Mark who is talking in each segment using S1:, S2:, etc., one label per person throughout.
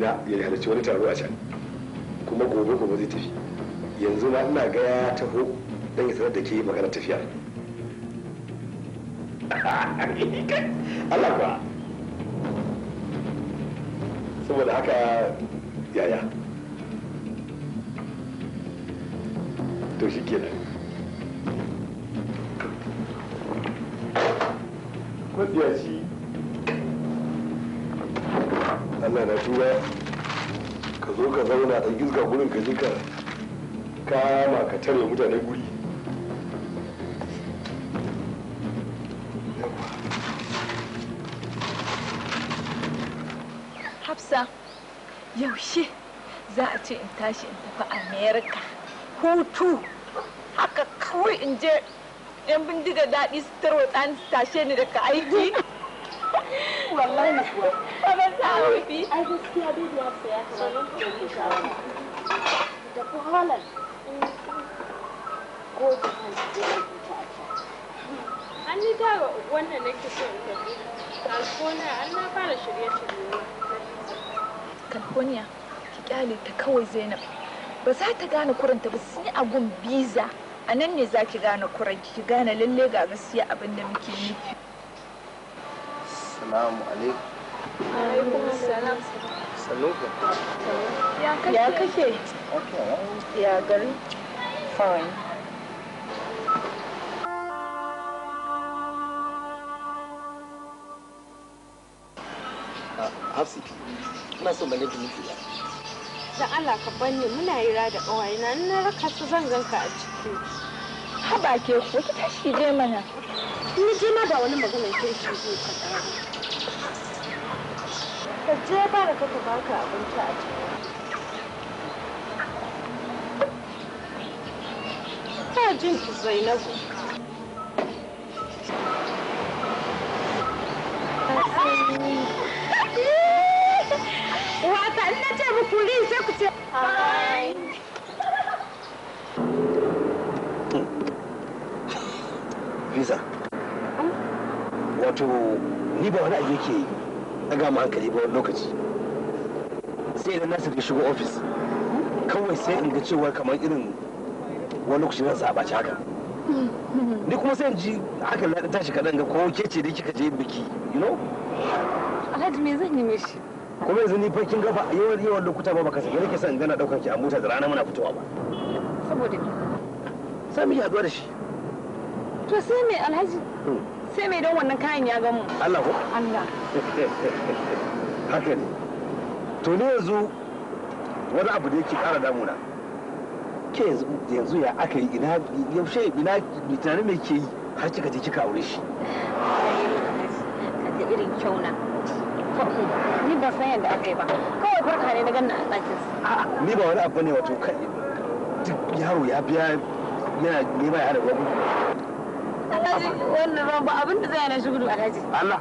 S1: madina ya halarci wani taro a can kuma gobe gobe zai tafi yanzu ma ina ga ya taho dan ya sanar da ke magana tafiya Allah ba saboda haka yaya to shi kenan mafiyaci Allah na tuba ka zo ka zauna a gizga gurin ka ji ka kama ka tare mutane guri Hafsa yaushe za a ce in tashi in tafi America hutu haka kawai in je 'yan bindiga daɗi su tarwatsa ni tashe ni daga aiki wallahi kuwa gaskiya da da ko an an na fara shirye California ki kyale ta kawai Zainab ba za ta gane kuranta ba sai a gun biza a nan ne za ki gane kuranki ki gane lalle ga gaskiya abin da muke nufi assalamu alaikum ya kake ya gari fine ah, hafsi ina so ya da Allah ka banne muna hira da ƙawaye na raka su zan ganka a ciki haba ke ku ki tashi je mana ni je ma ba wani magana kirki zai faɗa ka je ba da kaka baka abinci a ciki ta jin ki zainabu wata ina ce muku rin sai ku ce Visa. Wato ni ba wani abu yake yi daga mu hankali ba wani lokaci sai idan nasir ya shigo ofis kawai sai in ga cewa kamar irin wani lokaci ransa a ci haka ni kuma sai in ji haka na tashi kaɗan ga ko ke ce da kika je biki you know alhaji me zan yi mishi kuma yanzu ni fa kin ga yawan yawan lokuta ba baka sake nake son gana daukar ki a mota da rana muna fitowa ba saboda me sai mu yi haduwa da shi to sai me alhaji hmm. sai mai don wannan kayan ya gamu Allah ko Allah haka ne to ne yanzu wani abu da yake kara damuna ke yanzu ya aka yi ina yaushe ina tunanin mai ke yi har kika je kika aure shi ka irin kyauna ni ba san yadda aka yi ba kawai farka ne na a ni ba wani abu ne wato kai duk yaro ya biya yana nema ya haɗa gwamnati alhaji wannan ruwan ba abinda zai na shi gudu alhaji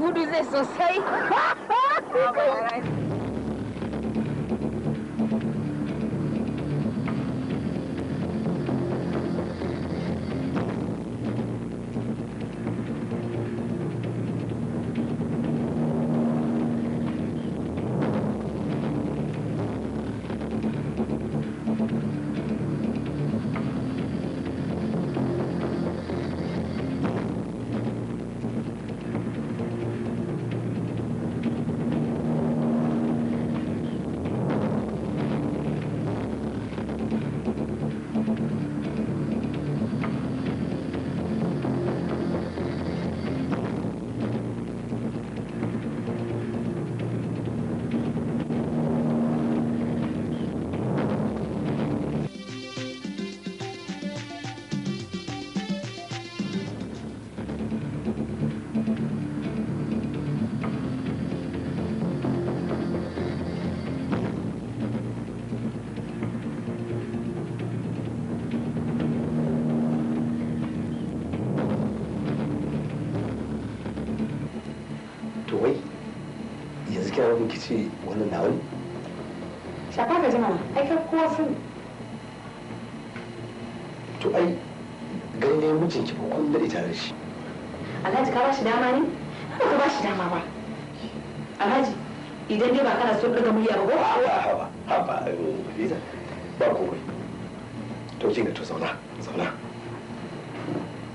S1: gudu zai sosai to wai yanzu kira mun kici wannan na wani shafa ka jama'a ai ka kowa sun to ai gani ne mijin ki ba kun dade tare shi Alhaji ka ba shi dama ne ba ka ba shi dama ba Alhaji idan dai ba kana son daga murya ba ko a ba ha ba ba komai to kin ga to zauna zauna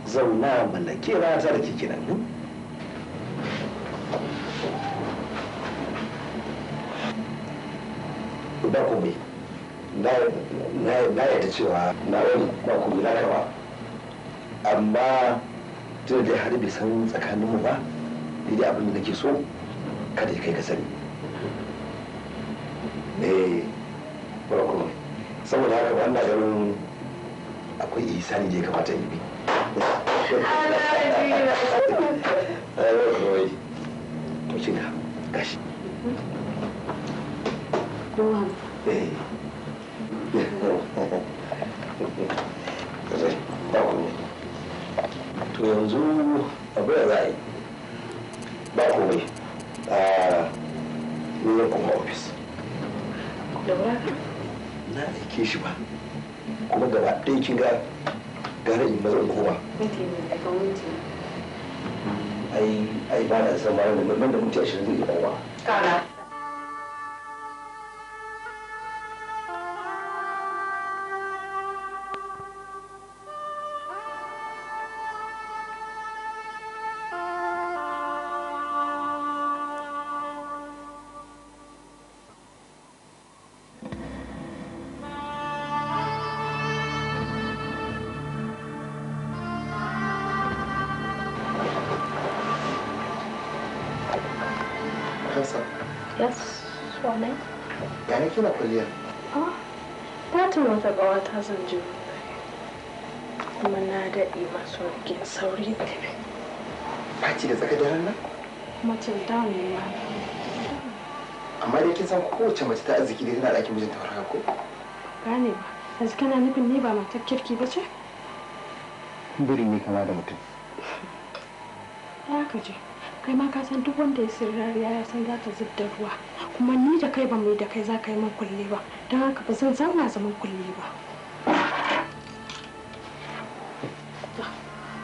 S1: zauna mallake rata da kike nan hmm? ba kome na yadda cewa na wani ba kome na kawa amma tun da har bai san tsakaninmu ba daidai abin da nake so kada ya kai ka sani ne ba kome saboda haka wanda ganin akwai isani da ya kamata yi bi to shi gashi Rohan. To yanzu abin da za a yi ba komai a nuna kuma Na aike shi ba. Kuma gaba ɗaya kin ga gara in mazan koma. Ai ba na san ma da mutum ashirin zai iya kowa. na sonai ta wata ƙawata zan je na masu mace amma dai kin san mace ta arziki dai tana ɗakin mijinta farka ko gane ba yanzu kana nufin ni ba matar kirki ba ce birin ne kama mutum kai ma ka san duk wanda ya sayi rariya ya san za ta zubda ruwa kuma ni da kai ba mu da kai za ka yi min kulle ba don haka ba zan zauna zaman kulle ba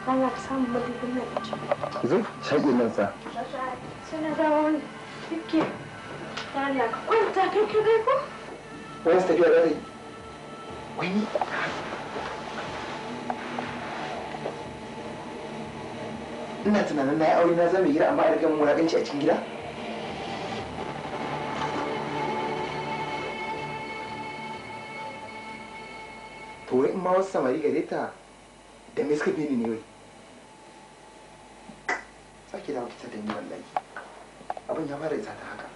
S1: Allah ka samu madubin na ɗaci. Zo, shaƙi nan sa. Suna dawon dukke. Allah ka kwanta kai kai ko? Wani tafiya da rai. Wani. ina tunanin na yi aure na zama gida amma a riga mun ganci a cikin gida to wai in ma wasu samari gare ta da me suka bi ni ne wai sake dawo kita da yi wallahi abin ya fara isa ta haka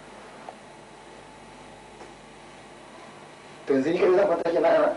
S1: to yanzu ni kai zan fata kenan ana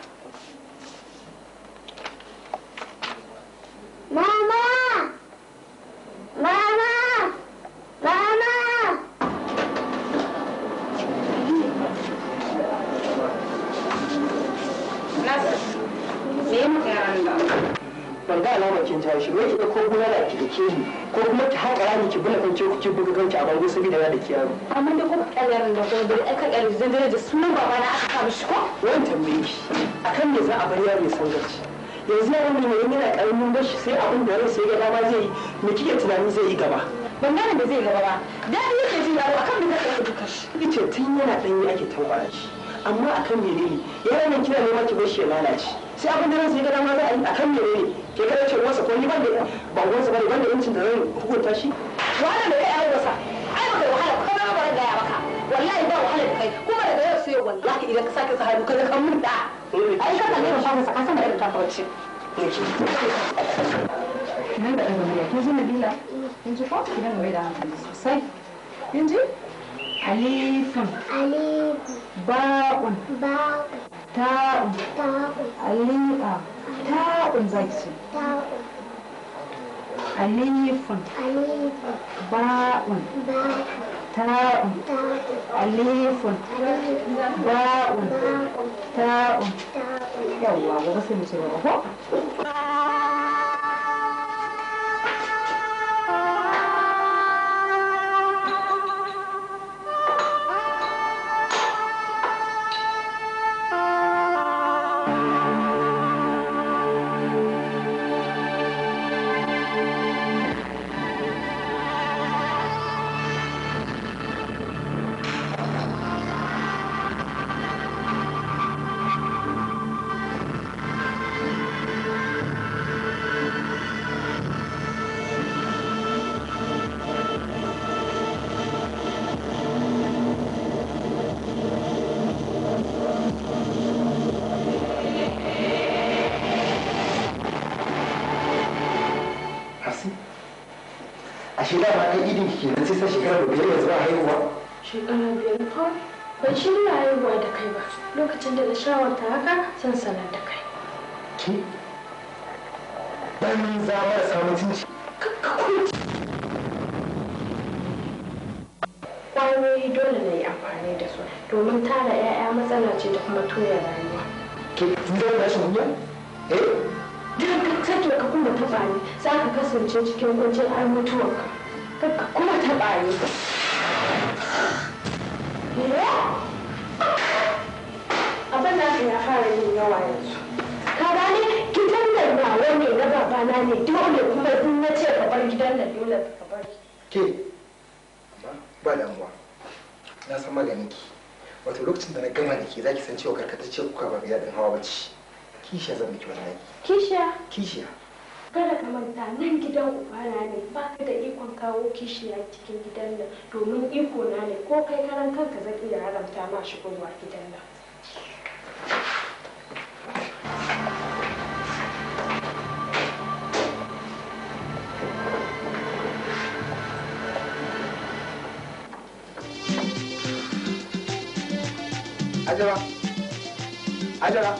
S1: ban ga alamar kin tashi wai ki ko bulala ki dake ni ko kuma ki haƙa rami ki bula kan ku ki buga kanki a bango sabida ya dake yaro amma da kuma kalarin da kuma da aka kalli zan da sunan baba na aka kama shi ko wani tambaye ki akan me za a bar yaro ya san gaci yanzu yaron ne yana karamin bashi sai abin da ransa ya ga dama zai yi me kike tunani zai yi gaba ban gane da zai gaba ba dadi yake ji yaro akan me za ka duka shi kice tun yana danyi ake tabbara shi amma akan menene yaron kina neman ki shi ya lalace sai abin da ransa ya za a yi a kan ne ke kada ce ko ni ban da ban da yancin da zan hukunta shi wannan da wasa ai ba wahala ko ba ba ya wallahi ba wahala da kai kuma daga yau sai wallahi idan ka sake sahabu ka kan mun da ai ka ne sa san da ta nan da ɗan miliya kin ji nabila kin ji ko idan mai da hankali sosai kin ji alifin alifin ba'un ba'un ta'un ta'un alifa ah, ta'un zaki alifun ba'un ta'un alifun ba'un ta'un yawwa Thank you. ashe da ba kai idin ke nan sai ta shekara biyar yanzu ba haihuwa shekara biyar kawai ban shirya haihuwa da kai ba lokacin da na shawarta haka zan sanar da kai ke ban za mara samun cinci kwayoyi dole na yi amfani da su domin tara 'ya'ya matsala ce da kuma toya rayuwa ke tuzo na shi kuya eh duk ka tattara ka kuma taɓa ne za ka kasance cikin kwanciyar har mutuwarka kakka kuma taɓa ni abin da ya fara yin yawa yanzu ka gane gidan nan ba wani na babana ne dole kuma in na ce ka bar gidan da dole ka bar ke ba damuwa na san maganin ki wato lokacin da na gama da ke za ki san cewa karkatacciyar kuka ba biya ɗin hawa ba ce kishiya zan miki wallahi kishiya kishiya kada ka manta nan gidan ubana ne ba ka da ikon kawo kishiya cikin gidan nan domin iko na ne ko kai karan kanka zan iya haramta ma shigowa gidan nan Ajara. Ajara.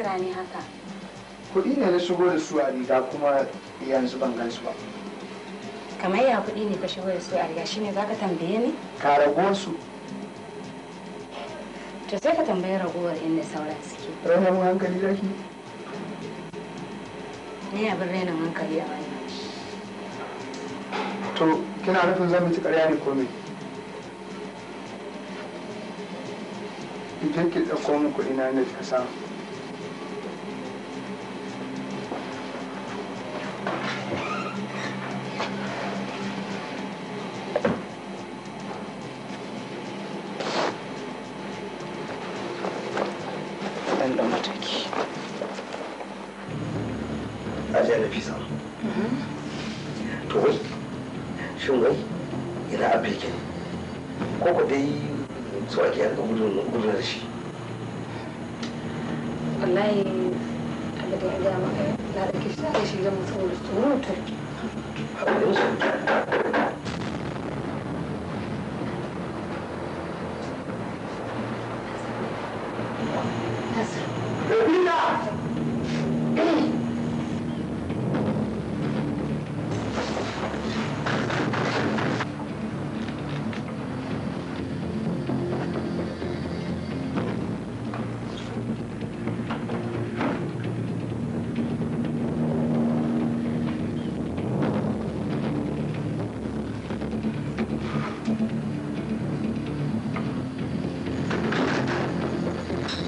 S1: kira ne haka kuɗi ne na shigo da su a riga kuma yanzu ban gan su ba kamar ya kuɗi ne ka shigo da su a riga shine zaka tambaye ni ka rago su to sai ka tambayi ragowar inda sauran suke rainin hankali zaki ni abin rainin hankali a wani. to kina nufin zan miki ƙarya ne ko me idan ki ɗauko min kuɗi na ne ka samu dai su ke yanka gudun da shi wallahi abin da ya gama na da ke shi da shi zama saboda tsoron turki a